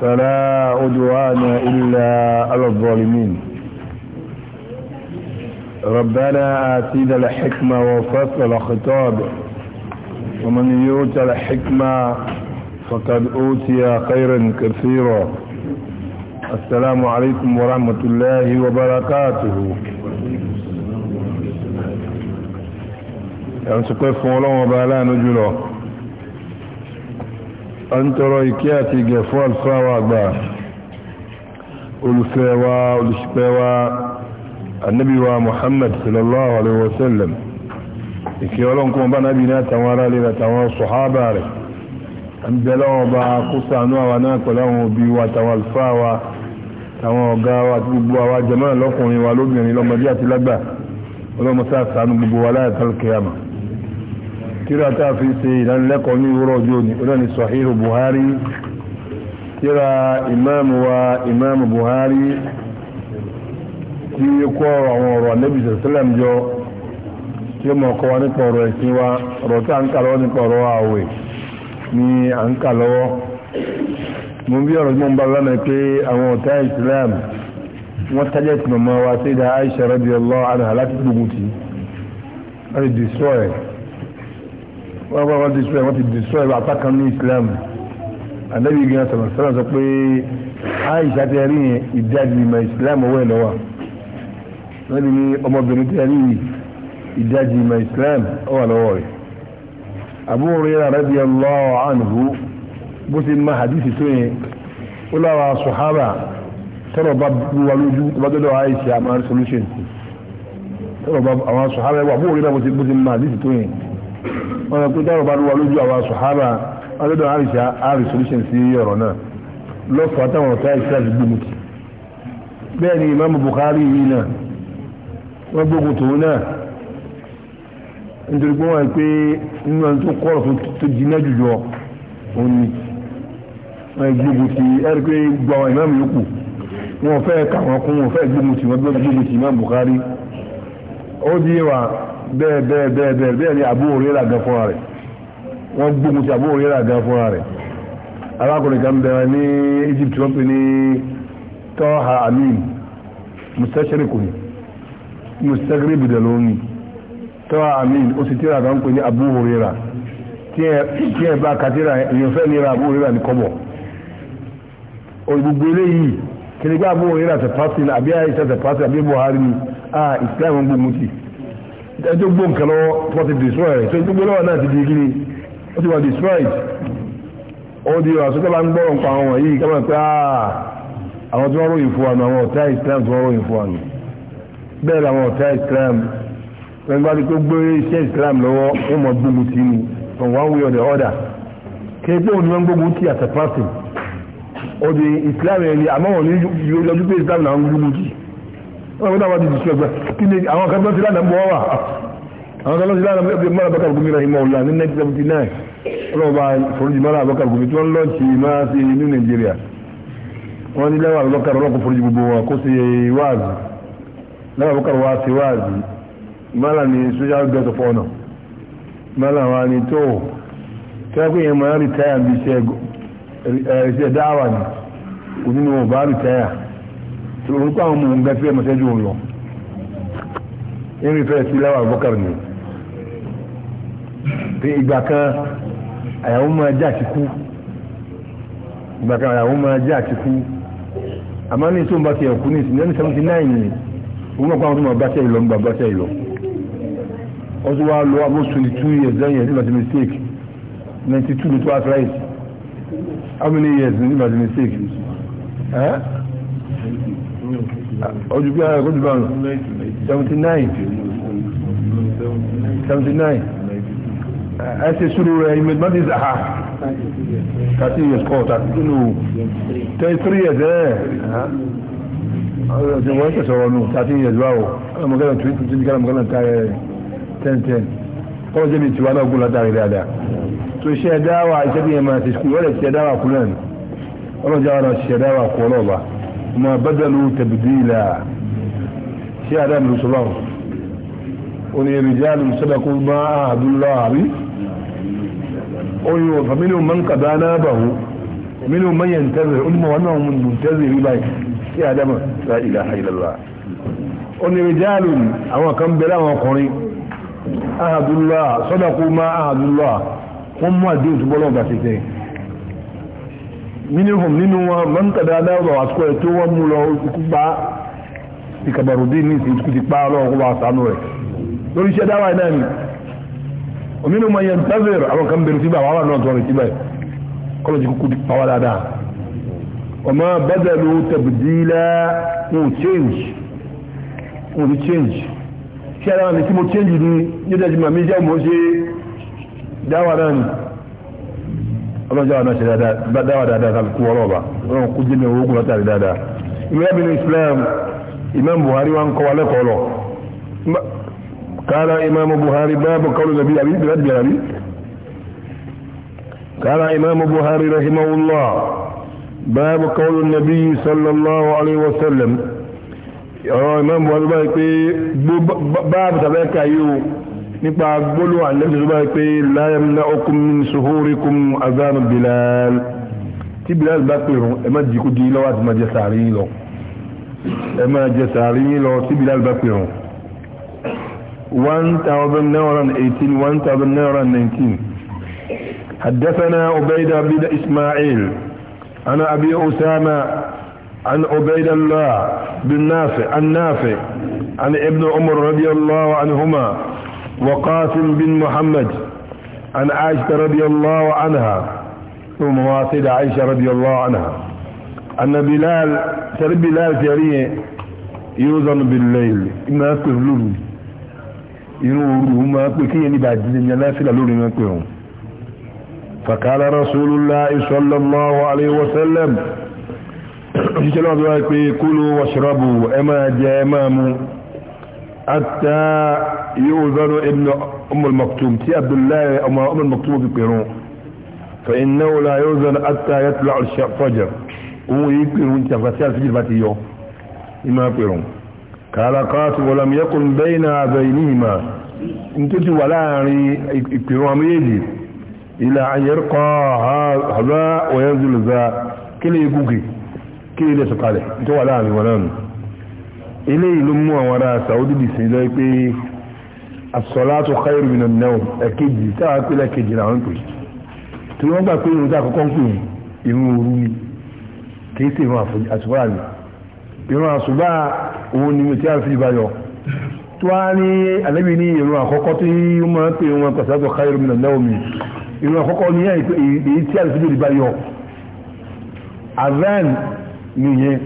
فلا عدوان إلا على الظالمين ربنا آتينا الحكمة وفصل الخطاب ومن يؤت الحكمة فقد أوتي خيرا كثيرا السلام عليكم ورحمة الله وبركاته يعني سكوي فولون وبالان جلو a ń tọrọ ìkẹ́ àti ìgẹ̀ fún alfáwà àgbà olùfẹ́ wa olùṣìpẹ̀ wa annabi wa muhammad sallallahu alaihi wasallam ìkẹ́ ọlọ́nkún bá nábi náà tàwọn ará lera tàwọn sọ̀hábà rẹ̀ ń bẹ̀lọ́ ọba kúsànú àwa náà pẹ̀láwọn òbí wa tàwọn alfáwà tíra tá a fi ṣe ìdánilẹ́kọ̀ọ́ ní ìwúrọ̀ ọjọ́ òní olóòní Sahihu Buhari tíra ìmáàmù wa ìmáàmù Buhari tí ó kó àwọn ọ̀rọ̀ Ànábì sẹ̀sílẹ̀m jọ tí ó mọ̀ kọ́ wa nípa ọ̀rọ̀ ẹ̀sìn wa ọ̀rọ̀ tá à ń kà lọ́wọ́ nípa ọ̀rọ̀ àwẹ̀ ni à ń kà lọ́wọ́ mo bí ọ̀rọ̀ tí mo ń bá lánàá pé àwọn ọ̀tá ìsìlẹ̀m wọ́n tájẹ́ tì mọ̀mọ́ wa sí ìdá Aisha radiyallahu anha láti gbógun tì láti destroy wọ́n wọ́n wọ́n destroy wọ́n ti destroy apá kan ní Islam anabi gan sọ̀rọ̀ sọ̀rọ̀ sọ pé Aisha ti rí yẹn ìdajì ìmọ̀ Islam owó ẹ̀ lọ́wọ́ wọ́n ti ní ọmọbìnrin ti rí ìdajì ìmọ̀ Islam ọwọ́ lọ́wọ́ rẹ̀ Abu Hurairah radiyallahu anhu bó ti ma hadithi tó yẹn ó lára sọ̀hábà tọ́rọ̀ bá bu wa lójú tó bá dọ́dọ̀ Aisha máa ń solution tọ́rọ̀ bá àwọn sọ̀hábà Abu Hurairah bó ti ma hadithi tó yẹn wọ́n yẹ pé dáwọ̀ bá wà lójú àwọn sọ̀hábà ọlọ́dọ̀ àrìṣà àrì solution sí ọ̀rọ̀ náà lọ́fọ̀ àtàwọn ọ̀tá islam gbìmù bẹ́ẹ̀ ni imam Bukhari yìí náà wọ́n gbógun tòun náà nítorí pé wọ́n yẹ pé nínú ẹni tó kọ́ ọ̀rọ̀ tó jiná jùlọ òun ni wọ́n gbógun tì ẹ̀rí pé gbọ́ àwọn imam yòókù wọn fẹ́ kà wọn kún wọn fẹ́ gbógun tì wọn gbógun tì imam Bukhari ó di wa bẹ́ẹ̀ bẹ́ẹ̀ bẹ́ẹ̀ bẹ́ẹ̀ bẹ́ẹ̀ ni àbúrò rí rà gan fúnra rẹ̀ wọ́n gbógun ti àbúrò rí rà gan fúnra rẹ̀ arákùnrin kan bẹ̀rẹ̀ ní Egypt wọ́n pè ní tọ́ha amin mustashriku ni mustagribu da lóni tọ́ha amin ó sì tíra kan pè ní àbúrò rí rà tí ẹ bá kàtíra èèyàn fẹ́ ní ra àbúrò rí rà ní kọ́bọ̀ olùgbogbo eléyìí kìnnìkan àbúrò rí rà tẹ̀ pásìn àbí àìsà tẹ̀ pásìn àbí Buhari ni ah Islam gbógun ti ẹjọ́ gbó nǹkan lọ́wọ́ tí wọ́n ti destroy tó gbogbo lọ́wọ́ náà ti di kiri ó ti wà destroy ó di ọ̀rọ̀ sókè bá ń gbọ́rọ̀ nǹkan àwọn wọ̀nyí kí wọ́n ah, àwọn tí wọ́n ròyìn fún wa àwọn ọ̀tá Islam tí wọ́n ròyìn fún wa bẹ́ẹ̀ làwọn ọ̀tá Islam wọ́n bá rí gbé iṣẹ́ Islam lọ́wọ́ ó mọ gbógun tì ní from one way or the other kí pé òun ni wọ́n gbógun tì àtẹ̀pásì ó di Islam yẹn ni àmọ́ wọn ní yọjú pé Islam làwọn gbógun tì wọ́n wọ́n dáwàá di ìṣú ẹgbẹ́ kí ni àwọn kan tó ti lánàá bọ́ wà àwọn kan tó ti lánàá bí mọ́ra bákàrù gómìnà ìmọ̀ ọ̀la ní 1979 ọlọ́ọ̀bá foríjì mọ́ra bákàrù gómìnà tí wọ́n lọ́ọ̀tì máa ṣe ní nàìjíríà wọ́n ní lẹ́wà bákàrù ọlọ́kọ̀ foríjì gbogbo wọn kó ṣe wáàzì lẹ́wà bákàrù wá ṣe wáàzì mọ́ra ni social guest of honor mọ́ra wa ni tó tẹ́kùn yẹn máa rìtáyà bí iṣẹ́ dáwà ni òní ni wọ́n bá rìtáyà tó ń kọ́ àwọn ọmọ nǹkan tí ẹ mọ̀ sẹ́jú òun lọ irin fẹ́ sí láwọn àbúkàrù ni pé ìgbà kan àyàwó máa jẹ́ àtikú ìgbà kan àyàwó máa jẹ́ àtikú àmọ́ ní tó ń bá ti ẹ̀kú ní ìsìn ní seventy nine ni òun náà kọ́ àwọn tó máa bá tẹ̀ ìlọ ń bá bá tẹ̀ ìlọ wọ́n tún wá lọ abó twenty two years lẹ́yìn ẹ̀sìn láti mistake ninety two ló tó arthritis how many years ní láti mistake? Eh? ojú bí ara kójú bá ń lọ 79 79 ẹsẹ̀ sùúrù rẹ̀ ìmẹ̀ mọ́tí zaha kàtí yẹ skọ́ tàbí nínú 33 years ẹ̀ ọ̀rọ̀ wọ́n ṣe sọ̀rọ̀ nù 30 years wáwọ̀ ọlọ́mọkẹ́lẹ̀ 20 kálọ̀mọkẹ́lẹ̀ tààrẹ 1010 kọ́ jẹ́ mi tí wà náà gún látàrí dáadáa tó ṣe dáwà ìṣẹ́bí ẹ̀mà ti skú wọ́n lè ṣe dáwà kú náà ọlọ́jà wọn ṣe dáwà kú ọlọ́ọ̀bà ما بدلوا تبديلا شيء عدام رسوله وني رجال سبقوا ما عهد الله به أيوة فمنهم من قضى نابه ومنهم من ينتظر أنهم وأنهم من منتظر إلى شيء عدام لا إله إلا الله وني رجال أو كم بلا وقري عهد الله صدقوا ما عهد الله هم ما دين سبلون بسيطين minihum nínú wọn mọ́ntàdá dáwọ̀ àsìkò ẹ̀ tó wọ́n mú lọ ikú pa ìkàbàrúdín ní ìsìn ikú ti pa ọlọ́run wà sánú rẹ̀ lórí iṣẹ́ dáwà náà ni òmìnú ma yẹn tẹ́fẹ̀rẹ̀ àwọn kan pa wá dáadáa ọmọ bẹ́dẹ̀lú tẹ̀bùdílá wọn change wọn ti change change ni yóò dájú màmí jẹ́ mo ṣe dáwà náà ni ọlọ́jọ́ àwọn ṣe dáadáa dáadáa kálukú ọlọ́ọ̀bà wọn kú jí ní ogun látàrí dáadáa ìmọ̀ bí ní Islam Imam Buhari wa kọ́ wa lẹ́kọ̀ọ́ lọ قال امام بخاري باب قول النبي ابي بلاد جلالي قال امام بخاري رحمه الله باب قول النبي صلى الله عليه وسلم امام بخاري باب تبارك ايوه nípa gbólú àlẹ́bí tó bá yẹ pé láyẹ̀m náà okùn min suhurikum azánù bilal tí bilal bá pè rún ẹ má jìkú di lọ́wọ́ àti má sàárì yín lọ ẹ jẹ sàárì yín lọ tí bilal bá pè rún one thousand nine hundred and eighteen one thousand nine hundred and nineteen حدثنا عبيد بن إسماعيل عن أبي أسامة عن عبيد الله بن نافع عن نافع عن ابن عمر رضي الله عنهما وقاسم بن محمد عن عائشة رضي الله عنها ثم واصل عائشة رضي الله عنها أن بلال سر بلال سريع يوزن بالليل ما أكف لون ينوره ما أكف كي ينبع ما أكفهم فقال رسول الله صلى الله عليه وسلم يقولوا واشربوا اما امامه حتى يؤذن ابن أم المكتوم تي عبد الله أم أم المكتوم في بيرون فإنه لا يؤذن حتى يطلع الفجر هو يبيرون تفسير في الفاتيو إما بيرون قال قاسم ولم يكن بين بينهما انتت ولا يبيرون ميدي إلى أن يرقى هذا وينزل ذا كل يقوكي كل يسقاله انت ولا ولا eléyìí ló mú àwọn ará Saudi bìsìn lọ pé as-salatu khairu minan nawm ẹ̀kejì táwọn apẹ́lẹ̀ kejì làwọn pè tí wọ́n gbà pé irun tá àkọ́kọ́ ń pè irun òru ni kìí sí irun àsùbá ni irun àsùbá òun ni mo ti àfi ìbáyọ tó wá ní alẹ́bí ní irun àkọ́kọ́ tí wọ́n máa ń pè wọn as-salatu khairu minan nawm mi irun àkọ́kọ́ ni èyí tí àfi ìbáyọ azan ni yẹn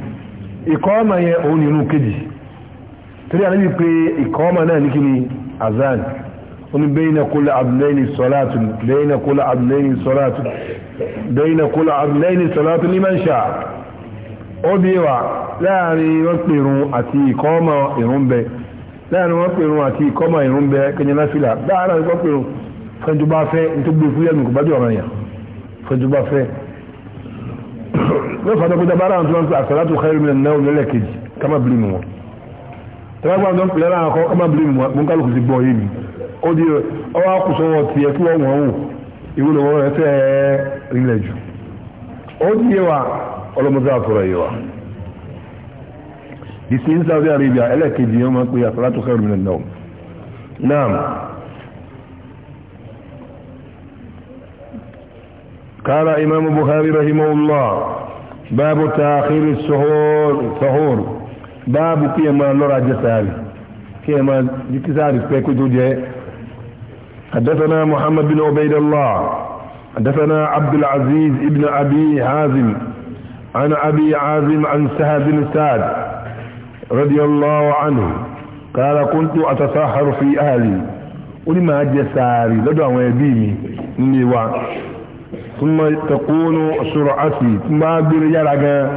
ìkọ́ ọmọ yẹn òun ni irun kejì torí ànábì pé ìkọ́ọ́mà náà ní kíni azan ó ní bẹ́yìn náà kólà abúlẹ́ni sọ́látù bẹ́yìn náà kólà abúlẹ́ni sọ́látù bẹ́yìn náà kólà abúlẹ́ni sọ́látù ní máa ń ṣà ó bí wà láàrin wọ́n pèrún àti ìkọ́ọ́mà ìrún bẹ láàrin wọ́n pèrún àti ìkọ́ọ́mà ìrún bẹ kẹnyẹn láfìlà láàrin wọ́n pèrún fẹ́njú bá fẹ́ ní tó gbé fúlẹ̀ nìkú bá dé ọ̀ràn yà fẹ́njú bá fẹ́ lọ́fàdọ́gbọ́dá bá ráhùn tẹ́lẹ̀gbà tó ń pèlẹ́ náà kọ́ ọmọ abúlé mú kálukú sí gbọ́ yìí ó di ọwọ́ akùsọ̀wọ́ tiẹ̀ kí wọ́n wọ̀n wò ìwé lọ́wọ́ rẹ̀ fẹ́ rinlẹ̀ jù ó di yé wa ọlọ́mọdé àtọ̀rọ̀ yé wa ìsì ní Saudi Arabia ẹlẹ́kejì yẹn máa ń pè àtàlátò kẹrù mi náà naam قال إمام بخاري رحمه الله باب تأخير السحور báàbù kí ẹ máa lọ́ra jẹ sàárì kí ẹ máa jí kí sàárì jẹ حدثنا محمد بن عبيد الله حدثنا عبد العزيز ابن أبي عازم عن أبي عازم عن سهل بن سعد رضي الله عنه قال كنت أتسحر في أهلي ولما أجي ساري لدى ويبيني مني وعن ثم تكون سرعتي ثم أقول يا رجال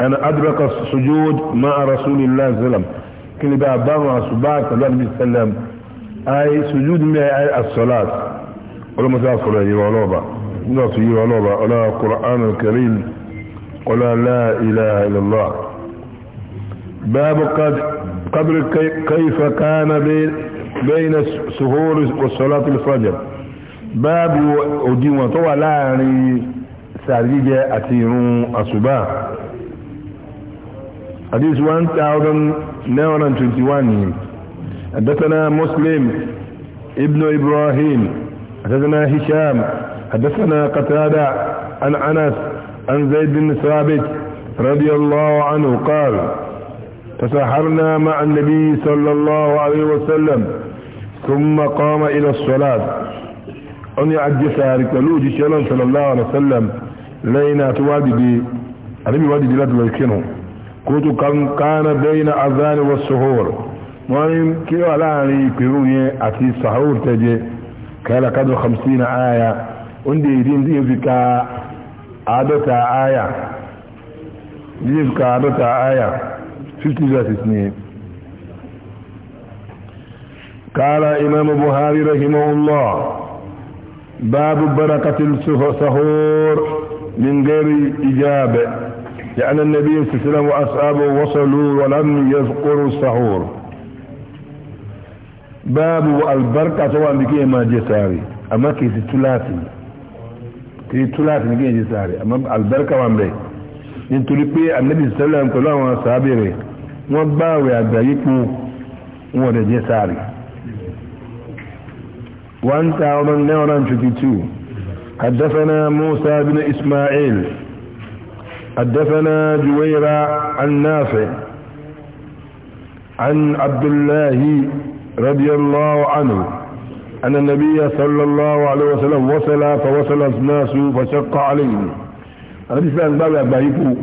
أنا أدرك السجود مع رسول الله صلى الله عليه وسلم كل باب باب صلى الله عليه وسلم أي سجود من الصلاة ولا مسافر يوالوبا ولا يوالوبا ولا القرآن الكريم ولا لا إله إلا الله باب قد قبر كيف كان بين سهور والصلاة الفجر باب ودي وطوى يعني سعدية أتيرون أصباح حديث 1921 حدثنا مسلم ابن إبراهيم حدثنا هشام حدثنا قتادة عن أنس عن زيد بن ثابت رضي الله عنه قال تسحرنا مع النبي صلى الله عليه وسلم ثم قام إلى الصلاة أن يعجي سارك لوجي صلى الله عليه وسلم لينا توادي بي أرمي وادي دلات ويكينه kótó kankana bayna azani wa suhur wọ́n ni kí wà láàrin ìpèrú yẹn àti sahur tẹ́jẹ́ kẹ́lá kádùn 50 aya ó ń dèédé ní fi ka àádọ́ta aya ní fi ka àádọ́ta aya 50 verses ni قال إمام بخاري رحمه الله باب بركة السحور من غير إجابة لأن النبي صلى الله عليه وسلم وأصحابه وصلوا ولم يذكروا السحور باب البركة طبعا بكي ما جساري أما كي تلاتي كي تلاتي بكي جساري أما البركة وان بي nítorí pé ànábì sẹ́lẹ̀ ń pẹ̀lú àwọn sàábì rẹ̀ wọ́n bá àwẹ̀ àgbàyípo wọn rẹ̀ jẹ́ sáàrì حدثنا موسى بن إسماعيل حدثنا جويرة عن نافع عن عبد الله رضي الله عنه أن النبي صلى الله عليه وسلم وصل فوصل الناس فشق عليهم النبي صلى الله عليه وسلم بابا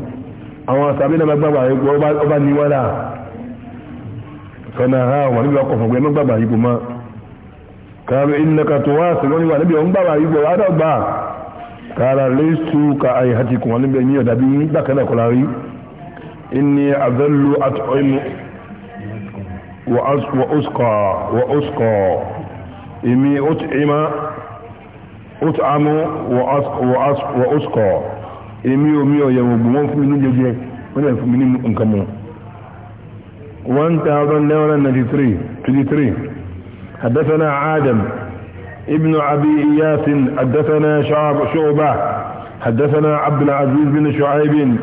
أو سابين بابا يقول أبا نيوالا فنهاهم النبي وقف وقال بابا يقول ما قالوا إنك تواصل ونبي بابا يقول هذا بابا kala leistu ka aihatikum wani bẹ ní ọ̀dà bí bákanáà kọlá rí inni azallu at'imu wa usqa wa usqa imi ut'ima ut'amu wa usqa imi omi ọ̀yẹ̀ wọ̀gbù wọn fún mi ní jẹjẹ wọn lè fún mi ní nǹkan mu 1993 23 حدثنا عادم ابن أبي إياس حدثنا شعب شعبة حدثنا عبد العزيز بن شعيب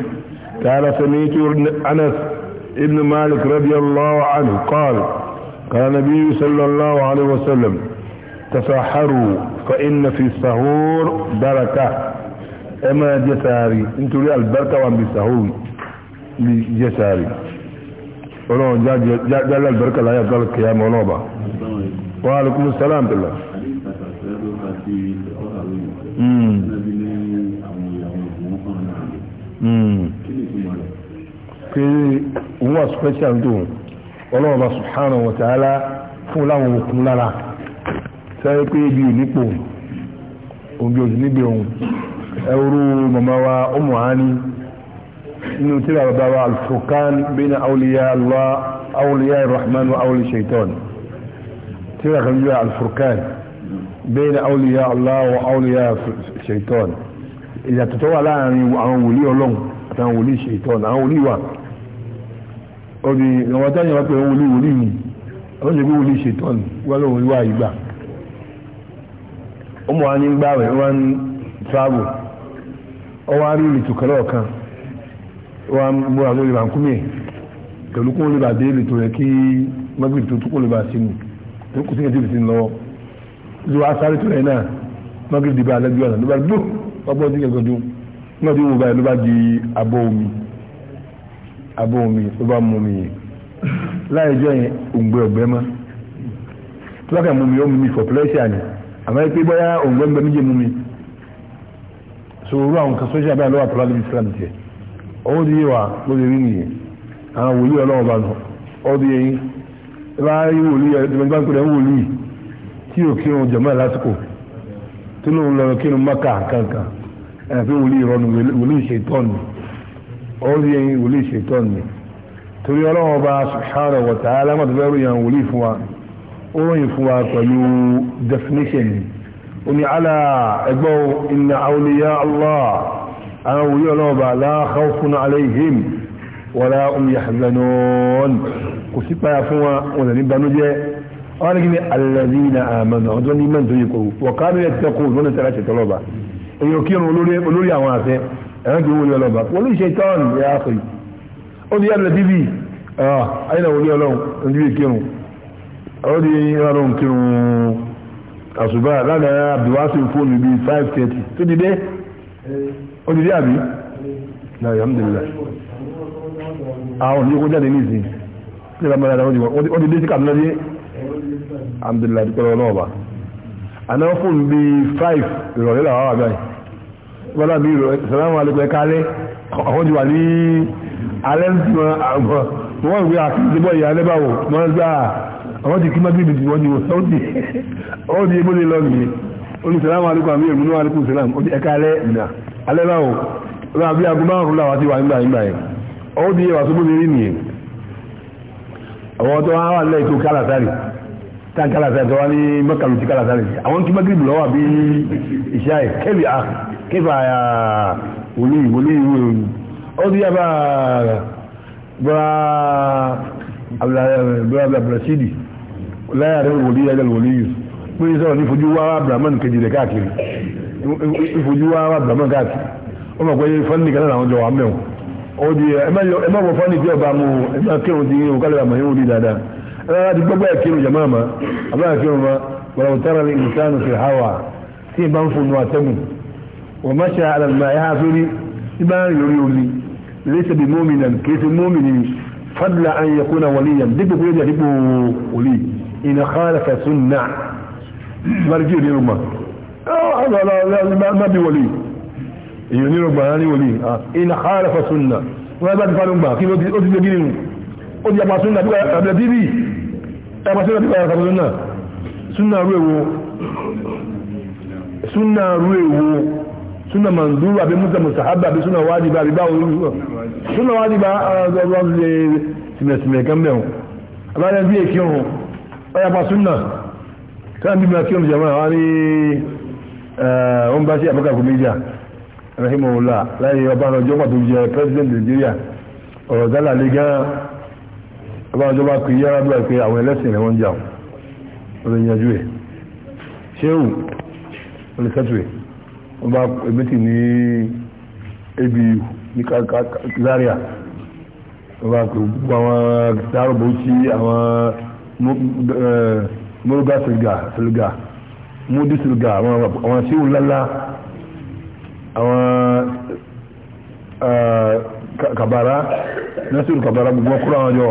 قال سميت أنس ابن مالك رضي الله عنه قال قال النبي صلى الله عليه وسلم تسحروا فإن في السهور بركة أما جساري انتوا لي البركة وان بالسهور لجساري ولو جاء البركة لا يفضل القيامة ونوبة وعليكم السلام بالله ti ọ̀rọ̀ àwọn èèyàn hmm. níbi ní àwọn ìyàwó ìgbìmọ̀ kan náà hmm. kí ni ìtumọ̀ rẹ̀. pé òun wà special tó ọlọ́ọ̀bá subhanahu wa ta'ala fún láwọn òkun lára sáré pé ibi ò òbí òsì níbi òun ẹrú màmá wa ọmọ àání nínú tíra bàbá wa al-Furqan bayna awliya Allah awliya ar-Rahman wa awliya shaitan tíra kan بين أولياء الله وأولياء الشيطان إذا تتوى لا عن ولي الله عن ولي الشيطان عن ولي وان أبي لو تاني رأيك ولي ولي wọ́n ṣe bí wòlíì ṣetán wọ́n lóun wá ìgbà ọmọ wa ní ń gbàwẹ̀ wọ́n ń travel ọwọ́ á rí ìlìtò kẹlẹ́ ọ̀kan wọ́n á múra lórí bankumi pẹ̀lú kó lè bà dé ìlìtò rẹ̀ kí mọ́gbìlì tó tún kó lè bà sínú tó kù sí ìdílé sínú lọ́wọ́ ju asáré tó yẹn náà mọ́kìlì dìbò alẹ́ ju ọ̀nà ló bá gbó ọgbọ́n tí kẹ̀kọ́ dún nígbà tí wọ́n báyìí ló bá di abọ́ omi abọ́ omi ló bá mú omi yẹn láì jẹ́ yẹn òǹgbẹ ọ̀gbẹ́ mọ́ tó bá kà mú mi ó mú mi for pleasure ni àmọ́ pé bóyá òǹgbẹ ń bẹ mí jẹ́ mú mi sòwúrò àwọn kan sọ́jà báyìí lọ́wọ́ àtọ́lá níbi Islam tiẹ̀ ọwọ́ ti yé wa ló lè rí nìyẹn àwọn wòlíì ọlọ́wọ́ bá nù ọ́ ti yẹ yín ẹ bá rí wòlíì ẹ tí ò kírun jọmọ́ lásìkò tí lóun lọ kírun mọ́kà kankan ẹ̀ fi wòlíì rọ́nu wòlíì ṣètọ́n ni ọ̀rí ẹ̀yin wòlíì ṣètọ́n ni torí ọlọ́run ọba subhanahu wa ta'ala alámọ̀tò fẹ́ ròyìn àwọn wòlíì fún wa ó ròyìn fún wa pẹ̀lú definition ni ó ní alá ẹgbọ́ inna allah àwọn wòlíì ọlọ́run ọba la khawfun alayhim wala um yahzanun kò sí payà fún wa wọn ní banújẹ́ wọ́n ní alẹ́zínà àmàna ọjọ́ ní mẹ́ntò yìí kò wọ̀ká ní ẹ̀ tẹ́kù lọ́nà tẹ́lá ṣe tọ́lọ́ba èyí ò kírun olórí àwọn àfẹ́ ẹ̀rọ kì í wọlé ọlọ́ba wọ́n ní ṣe tọ́ọ̀nù ẹ̀ àfẹ́ yìí ó ní ẹ̀rọ bíbí ayé náà wọlé ọlọ́run ní bíbí kírun ọ̀rọ̀ ní ìrànlọ́run kírun àṣùbà lánàá abdulwasi fóònù bíi five thirty tó ti ó ti àbí alhamdulillah dúpẹ́ lọ́wọ́ náà bá àná fún bí five ìrọ̀lẹ́ làwọn wà báyìí wọ́n náà bí ìrọ̀lẹ́ sàlámù alẹ́kọ̀ẹ́ kálẹ́ àwọn ti wà ní alẹ́ ń tún àwọn wọ́n gbé àkíyèsí bọ́ ìyá alẹ́ báwò wọ́n gbá ah, àwọn ti kí má bíbí wọ́n ti wọ́n sọ́ọ́ di ọ́ di ebó lè lọ nìyẹn olùsàlámù alẹ́kọ̀ọ́ àmì ìrùnú alẹ́kùn sàlámù ó ti ẹ̀ka ah, alẹ́ nà alẹ́ báwò wọ́n àbí agbó márùn-ún làwọn ti wà nígbà nígbà yẹn ọ́ di ẹwà sóbó mi rí nìyẹn àwọn tó wá wà lẹ́yìn tó kálà sáré E, a tán kálásá tó wá ní mọ́kàlù tí kálásá lè ṣe àwọn tí mọ́kàlù lọ́wọ́ bí iṣẹ́ ẹ̀ kẹ́bì à kẹ́bà wòlí wòlí ìwòrán ó dí yàbá bọ́ra abdulrasidi láyà rẹ̀ wòlí yàgà wòlí yìí pé sọ̀rọ̀ ní fojú wá abdulrahman kejì rẹ̀ káàkiri ìfojú wá O káàkiri ó mọ̀ pé fọ́nì kan náà O jọ wà mẹ́wọ̀n ó di ẹ má wọ fọ́nì tí ọba mu ẹ má kírun ti yín òkàlẹ̀ àmọ́ yín ó di dáadáa rárá ti gbogbo ẹ̀kí ìròyìn máa ma àbá ẹ̀kí ìròyìn ma wọ̀rọ̀ òtára ní ìsánu fi hàwà tí ìbá ń fònú àtẹ́gùn wọ́n má ṣe àlà máa yá sórí tí bá ń lórí omi lẹ́sẹ̀ bí mómi nà kì í ṣe mómi ni fadla an yẹ kóna wọlé yẹn dípò kó yẹ dípò wòlé ìnà kọ́ra fẹ̀sùn náà bari kí ìròyìn ma má bí wòlé ìròyìn ma ní wòlé ìnà kọ́ra fẹ̀sùn náà wọ́n bá ti fa ló ń gbà kí ló ti ó ti ṣe gírin ó ti yàgbà sún nàbílẹ̀ bíbí ẹgbà sí ọdún ọ̀rọ̀ náà súnà rú èwo súnà rú èwo súnà mandúrú àbí múta mùsàhábà àbí súnà wájìbá àbí báwo rúrú súnà wájìbá ọ̀rọ̀ lè sìmẹ̀sìmẹ̀ gẹ́mẹ̀ hùn abájá bí èkí hùn ọyàpá súnà káà bí máa kí hùn jẹ̀mọ́ àwọn ní wọ́n bá sí àbúkà kòmíjà rahimahullah láyé ọba ọjọ́ pàtó jẹ president Nigeria ọ̀rọ̀ dálà lé gan-an ọlọ́run tó bá pè yára bí wà pé àwọn ẹlẹ́sìn ni wọ́n jà ọ̀rọ̀ ìyànjú ẹ̀ ṣéhù olùsẹ́tùwẹ̀ wọ́n bá emiti ní abu ní zaria wọ́n bá pè gbogbo àwọn dáròbó sí àwọn mọ́rọ́gá sìlgà múdí sìlgà àwọn ṣéhù lálá àwọn kabara nasiru kabara gbogbo ọkùnrin àwọn ọjọ́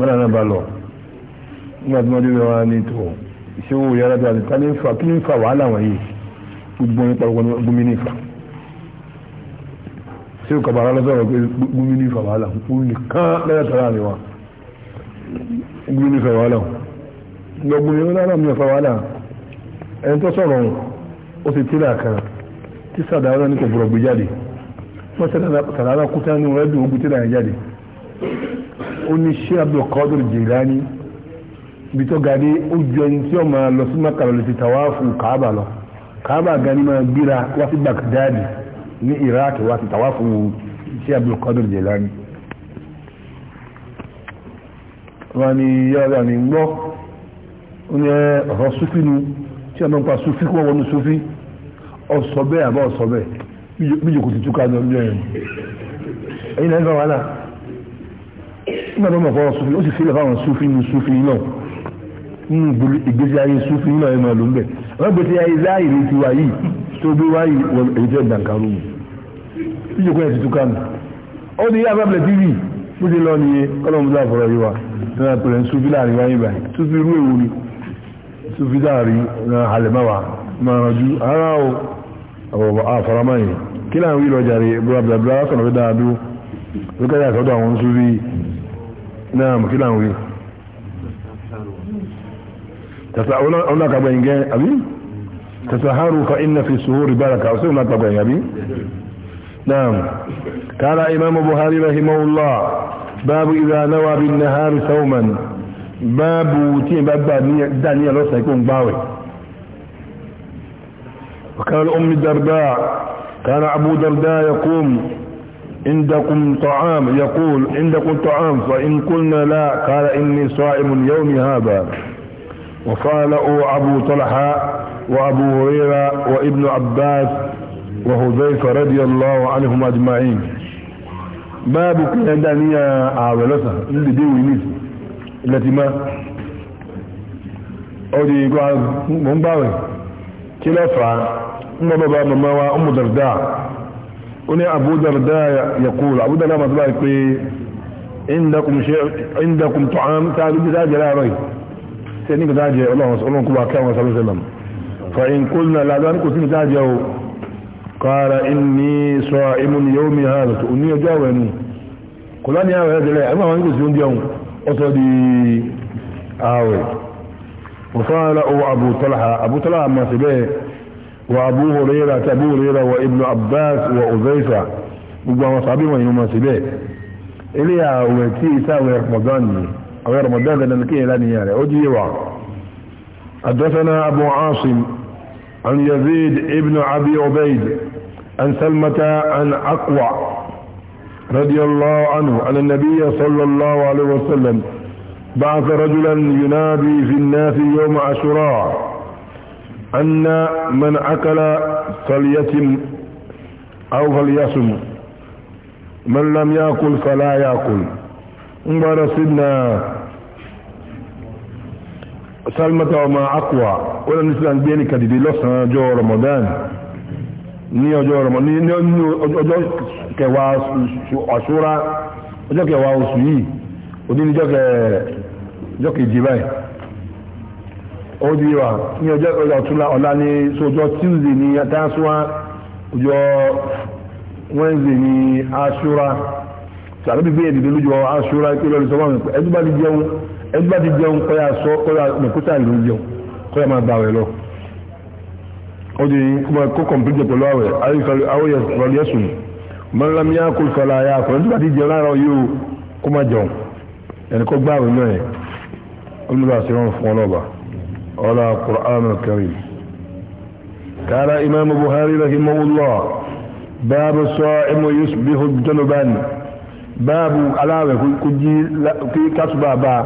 mọ́nà náà bá lọ nígbà tí wọ́n dé wọn ní tó ìṣòwò yàrá bí àti tani fa kí n fa wàhálà wọ̀nyí gbogbo yín pariwo gómi ní ìfà ṣé o kàbàrà lọ sọ̀rọ̀ pé gómi ní ìfà wàhálà òun nìkan lẹ́yà tọ́lá rẹ̀ wá gómi ní ìfà wàhálà gbogbo yín lọ́nà mi ìfà wàhálà ẹni tó sọ̀rọ̀ ó ti tílà kan tí sàdáwọ́n ní kò bùrọ̀ gbé jáde wọ́n sàdáwọ́n kúta ní wọ́n rẹ́ ó oníṣẹ́ abdulkadir jilani ibi tó ga dé ó ju ẹni tí ó máa lọ sí makara lè ti tawafu kaaba lọ kaaba gani máa gbéra wá sí baghdadi ní iraq wá sí tawafu iṣẹ́ abdulkadir jilani wọ́n ni yọ́ra ní gbọ́ ní ọ̀rọ̀ sufi nu tí a máa ń pa sufi kí wọnú sufi ọ̀sọ̀ bẹ́ẹ̀ àbá ọ̀sọ̀ bẹ́ẹ̀ bí jòkó ti túká lọ ní ẹ̀yìn ẹ̀yìn náà ń sọ wàhálà nígbà tó mọ̀ fọwọ́ sufi ó sì fi lọ́fà sufi ní sufi náà nínú ìgbésí ayé sufi náà ẹ̀ máa ló ń bẹ̀ àwọn ìgbésí ayé záàyè ti wá yìí tó gbé wáyé wọ èyí tẹ̀ dànkárò mu ìjòkó yẹn ti túká mi ó ní abábẹ̀lẹ̀ tv bó ti lọ nìyẹn kọ́lọ́mù dá fọ̀rọ̀ yìí wa náà pẹ̀lẹ́ sufi láàrin wáyé báyìí sufi irú èwo ni sufi láàrin náà halẹ̀máwa máa rànjú ara o àwọn àfaramáyìn kí láàrin wí lọ jàre búra búra búra sọ̀rọ̀ fi dáadó lókè yà نعم كلام وين تسعوا هناك بين جاي ابي تسهروا فان في السهور بركه وسنا طبعا يا ابي نعم قال امام البخاري رحمه الله باب اذا نوى بالنهار صوما باب تي باب دانيا لو سيكون باوي وكان ام الدرداء كان ابو الدرداء يقوم عندكم طعام يقول عندكم طعام فإن قلنا لا قال إني صائم يوم هذا وقال أبو طلحة وأبو هريرة وابن عباس وهذيك رضي الله عنهم أجمعين باب كيدانية عاولتها اللي ديو وينيس التي ما أودي يقول مباوي كلافة أم بابا مما أم درداء oní Abu Darda yaqulu Abu Darda masu báyìí pé indakum ta'am tàbí dájẹ́ láàárọ̀ tí ní dájẹ́ ọlọ́run kúbà kẹwọn sàlọ́sẹ̀lọ́m fa in qulna láàrín kò sí dájẹ́ o qala inni sa'imun yawmi hadha tó ní ọjọ́ àwẹ̀ nù kò láni àwẹ̀ ẹ̀dẹ̀lẹ̀ ẹgbẹ́ àwọn àwẹ̀ وقال أو أبو طلحة أبو طلحة ما سبيه وابو هريره تبو هريره وابن عباس وعزيفة وابو صعبي ما ينوم إليا وتي ساوي رمضان غير رمضان لأن الكين لا نيارة أجيوا حدثنا أبو عاصم عن يزيد ابن أبي عبيد عن سلمة عن أقوى رضي الله عنه أن النبي صلى الله عليه وسلم بعث رجلا ينادي في الناس يوم عشرة أن من أكل فليتم أو فليصم من لم يأكل فلا يأكل انظر سيدنا سلمة وما أقوى ولم نسلم بيني كديدي لصنا جو رمضان ní ọjọ́ rọmọ ní ọjọ́ kẹwàá àṣúra ọjọ́ kẹwàá oṣù yìí òdí ní ọjọ́ kẹjì báyìí ọdí wa ní ọjọ́ ọjọ́ ọ̀túnla ọ̀la ní sojọ́ tuesday ní atasuwa ọjọ́ wednesday ní asura sàlẹ́bí bí ẹ̀dìdì lójọ asura pé lọ́dún sọ́wọ́n ẹ̀dú bá ti jẹun ẹ̀dú bá ti jẹun kọ́ya sọ kọ́ya mẹ̀kútà ìlú jẹun kọ́ya máa bá rẹ̀ lọ. ó kúmọ̀ kó kọ̀m̀pútà pẹ̀lú àwẹ̀ àwòyẹ rọ̀lẹ́sùn mọ́lámíyá ولا القرآن الكريم قال إمام بخاري رحمه الله باب الصائم يصبح جنبا باب على كجي كي كسبا با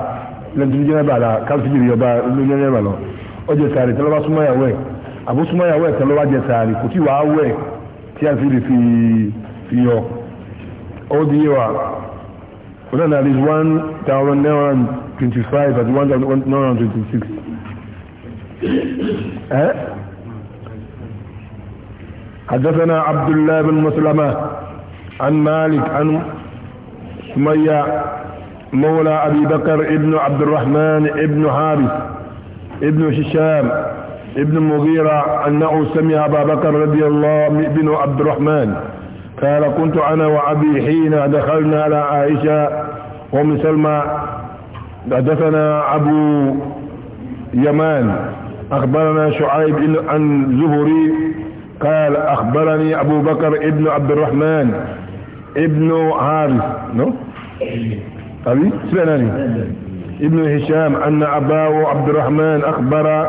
لن تجينا بالا كسجي يبا لن يبا لو oje sare tele ba sumo yawo e abu sumo yawo e tele wa je sare kò tí wá wo e tí a fi rí fi fi yo o di wa ona na is 1925 at 1926 حدثنا عبد الله بن مسلمة عن مالك عن سمية مولى أبي بكر ابن عبد الرحمن ابن حارث ابن هشام ابن المغيرة أنه سمع أبا بكر رضي الله بن عبد الرحمن قال كنت أنا وأبي حين دخلنا على عائشة ومسلمة سلمى حدثنا أبو يمان أخبرنا شعيب عن زهري قال أخبرني أبو بكر ابن عبد الرحمن ابن عارف نو أبي سلاني ابن هشام أن أباه عبد الرحمن أخبر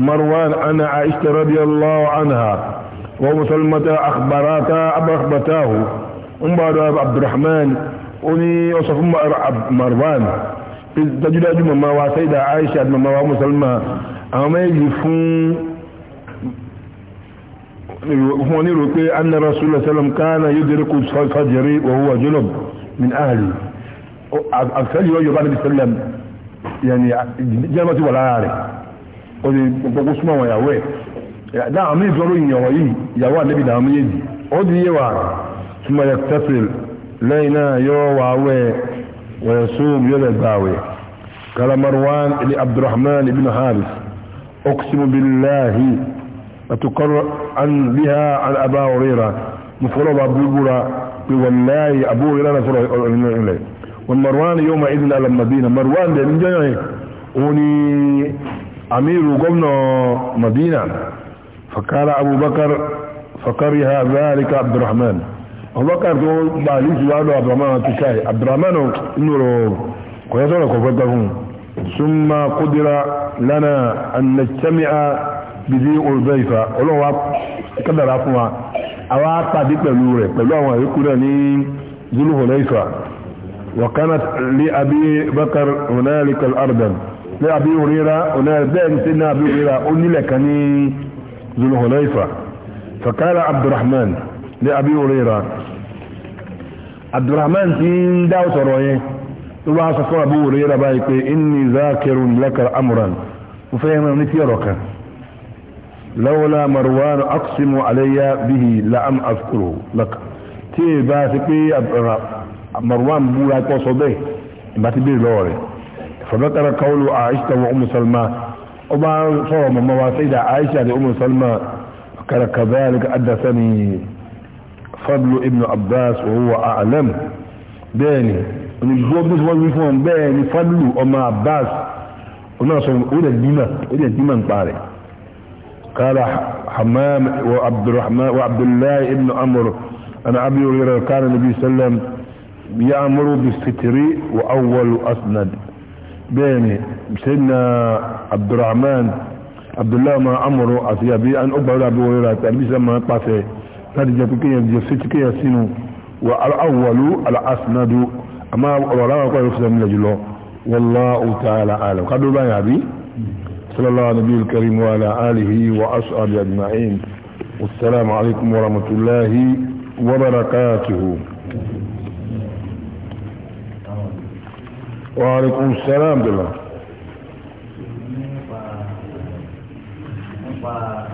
مروان أن عائشة رضي الله عنها ومسلمة أخبرتا أخبرتاه أمبار عبد الرحمن أني وصف مروان تجد أجمع ما وسيدة عائشة اجمع ما ومسلمة àwọn méjì fún fún onírò pé anna rasulullah sallam kana yudriku fajri wa huwa junub min ahli àfẹ́lì yóò yọba níbi sallam yẹni jẹ́mọ́ ti wà lára rẹ̀ o ti gbogbo súnmọ́ wọn yàwó ẹ̀ dáa àmì ìfẹ́ olóyìn ọ̀rọ̀ yìí yàwó àdébì dáa mú yéjì ó di yé wa súnmọ́ yẹ tẹ́sìl lẹ́yìn náà yóò wà wẹ̀ wẹ̀ sóòm yóò lẹ̀ gbà wẹ̀ kala marwan ibn abdurrahman ibn haris أقسم بالله وتقر عن بها عن أبا هريرة مفروض أبو هريرة والله أبو هريرة فرح إليه والمروان يومئذ على المدينة مروان ده من جنعي وني أمير قمنا مدينة فقال أبو بكر فكره ذلك عبد الرحمن أبو بكر تقول بالي عبد الرحمن عبد الرحمن إنه ثم قدر لنا أن نجتمع بذي أرضيفة ọlọ́wà kádàrá fún wa àwọn apàdé pẹ̀lú rẹ̀ pẹ̀lú àwọn àríkú وكانت لأبي بكر هنالك الأرض لأبي هريرة هنالك بأن سيدنا أبي هريرة أني لكني ذو الهليفة فقال عبد الرحمن لأبي هريرة عبد الرحمن سين داو سرويه wá sọ fún Abu Hurairah báyìí pé inni zakirun laka amran mo fẹ́ mọ̀ ní tí ọ̀rọ̀ kan lawla marwan aqsimu alayya bihi la'am azkuru laka tí è bá ti pé marwan búra kọ́ sọ bẹ́ẹ̀ ìbá ti bèèrè lọ́wọ́ rẹ̀ fadakara qawlu aisha wa umu salma ó bá sọ̀rọ̀ mọ̀mọ́ wa sai da aisha da umu salma kara kadhalika addasani fadlu ibnu abbas wa huwa a'lam bẹ́ẹ̀ onígbọ́ bí wọ́n wí fún ọ bẹ́ẹ̀ ni fadlu ọmọ abbas onáṣọ orílẹ̀ dìímà orílẹ̀ dìímà ń pa rẹ̀ قال حمام وعبد الرحمن وعبد الله ابن عمرو انا ابي هريره كان النبي صلى الله عليه وسلم يامر بالستر واول اسند بيني سيدنا عبد الرحمن عبد الله ما امره اسيابي ان ابو هريره النبي صلى الله عليه وسلم قال láti jẹ́ pé kéèyàn jẹ́ sí ti kéèyàn sínú wà aláwọ̀lú aláàsìnádú اما لولا كو يفهم لجلو والله تعالى اعلم قدو با يابي صلى الله النبي الكريم وعلى اله واصحابه اجمعين والسلام عليكم ورحمه الله وبركاته وعليكم السلام بالله